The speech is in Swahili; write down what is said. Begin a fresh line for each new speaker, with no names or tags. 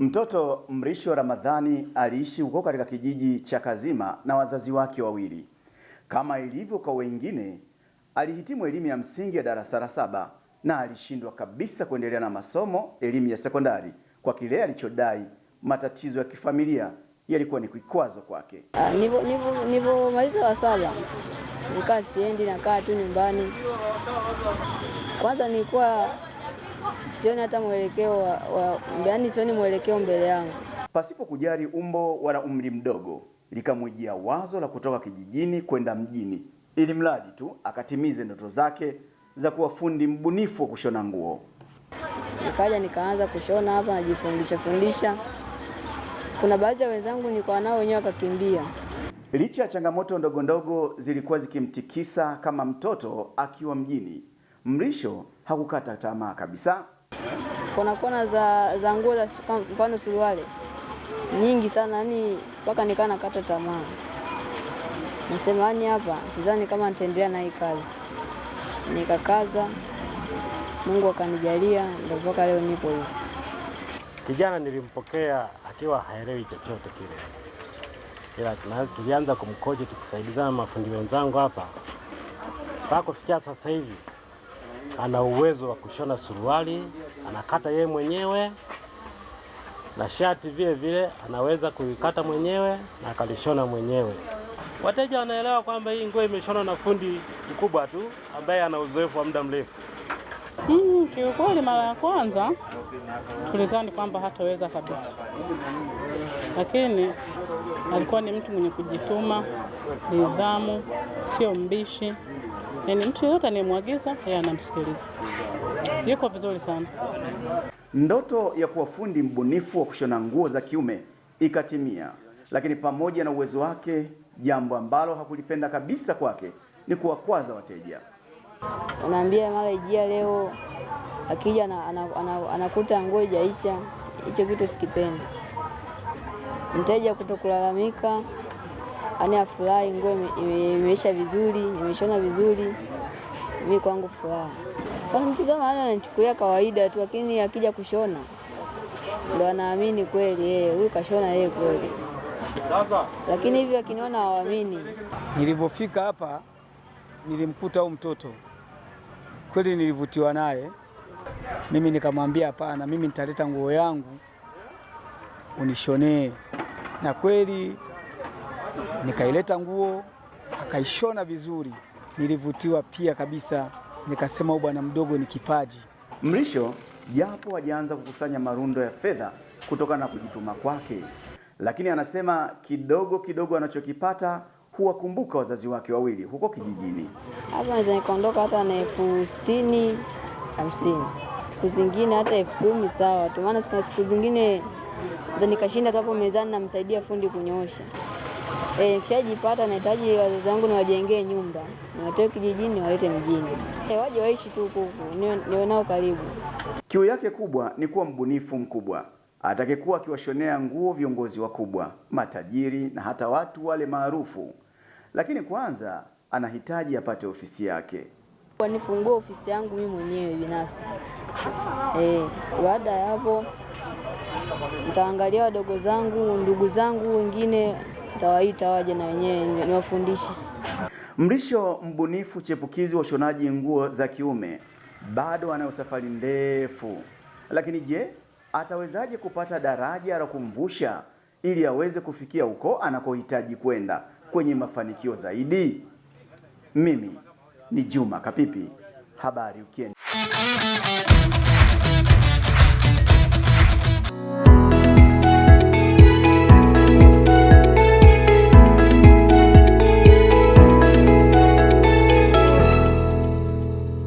Mtoto Mrisho Ramadhani aliishi huko katika kijiji cha Kazima na wazazi wake wawili. Kama ilivyo kwa wengine, alihitimu elimu ya msingi ya darasa la saba na alishindwa kabisa kuendelea na masomo elimu ya sekondari kwa kile alichodai matatizo ya kifamilia yalikuwa ni kikwazo kwake.
Ah, Nilipomaliza wa saba nikaa siendi, nakaa tu nyumbani. Kwanza nilikuwa sioni hata mwelekeo wa, wa, yaani sioni mwelekeo mbele yangu.
Pasipo kujali umbo wala umri mdogo, likamwijia wazo la kutoka kijijini kwenda mjini, ili mradi tu akatimize ndoto zake za kuwa fundi mbunifu wa kushona nguo.
Nikaja nikaanza kushona hapa, najifundisha fundisha. Kuna baadhi ya wenzangu nilikuwa nao wenyewe wakakimbia.
Licha ya changamoto ndogo ndogo zilikuwa zikimtikisa kama mtoto akiwa mjini Mrisho hakukata tamaa kabisa.
Kuna kona za, za nguo za mfano suruali nyingi sana, yani mpaka nikaa nakata tamaa, nasema yani hapa sidhani kama nitaendelea na hii kazi. Nikakaza, Mungu akanijalia, ndio mpaka leo nipo hivi.
Kijana nilimpokea akiwa haelewi chochote kile, ila tulianza kumkoje, tukisaidizana mafundi wenzangu hapa mpaka kufikia sasa hivi ana uwezo wa kushona suruali, anakata yeye mwenyewe na shati vile vile anaweza kuikata mwenyewe na akalishona mwenyewe.
Wateja wanaelewa kwamba hii nguo imeshona na fundi mkubwa tu ambaye ana uzoefu wa muda mrefu.
Mm, kiukweli mara ya kwanza tulizani kwamba hataweza kabisa, lakini alikuwa ni mtu mwenye kujituma, nidhamu, sio mbishi. Yaani mtu yoyote anayemwagiza yeye anamsikiliza, yuko vizuri sana.
Ndoto ya kuwa fundi mbunifu wa kushona nguo za kiume ikatimia, lakini pamoja na uwezo wake, jambo ambalo hakulipenda kabisa kwake ni kuwakwaza wateja.
Anaambia mara ijia leo, akija anakuta nguo ijaisha. Hicho kitu sikipendi, mteja kutokulalamika yaani afurahi, nguo imeisha vizuri, imeshona vizuri. Mimi kwangu furaha. Mtizama nachukulia kawaida tu, lakini akija kushona ndo anaamini kweli, eh, huyu kashona yeye kweli, lakini hivyo akiniona hawaamini.
Nilivyofika hapa nilimkuta huyu mtoto kweli, nilivutiwa naye mimi nikamwambia, hapana, mimi nitaleta nguo yangu unishonee, na kweli Nikaileta nguo akaishona vizuri, nilivutiwa pia kabisa, nikasema huyu bwana mdogo ni kipaji.
Mrisho japo hajaanza kukusanya marundo ya fedha kutokana na kujituma kwake, lakini anasema kidogo kidogo anachokipata huwakumbuka wazazi wake wawili huko kijijini.
Hapa naweza nikaondoka hata na elfu sitini hamsini, siku zingine hata elfu kumi sawa tu, maana siku zingine nikashinda tapo hapo mezani, namsaidia fundi kunyoosha. E, nikishajipata nahitaji wazazi wangu niwajengee nyumba, niwatoe kijijini niwalete mjini, e, waje waishi tu huku niwe nao karibu.
Kiu yake kubwa ni kuwa mbunifu mkubwa atakayekuwa akiwashonea nguo viongozi wakubwa, matajiri na hata watu wale maarufu, lakini kwanza anahitaji apate ofisi yake.
Nifungue ofisi yangu mimi mwenyewe binafsi. E, baada ya hapo nitaangalia wadogo zangu, ndugu zangu wengine nitawaita waje na wenyewe niwafundishe.
Mrisho mbunifu chepukizi wa ushonaji nguo za kiume bado anayo safari ndefu, lakini je, atawezaje kupata daraja la kumvusha ili aweze kufikia huko anakohitaji kwenda kwenye mafanikio zaidi? Mimi ni Juma Kapipi, habari ukieni.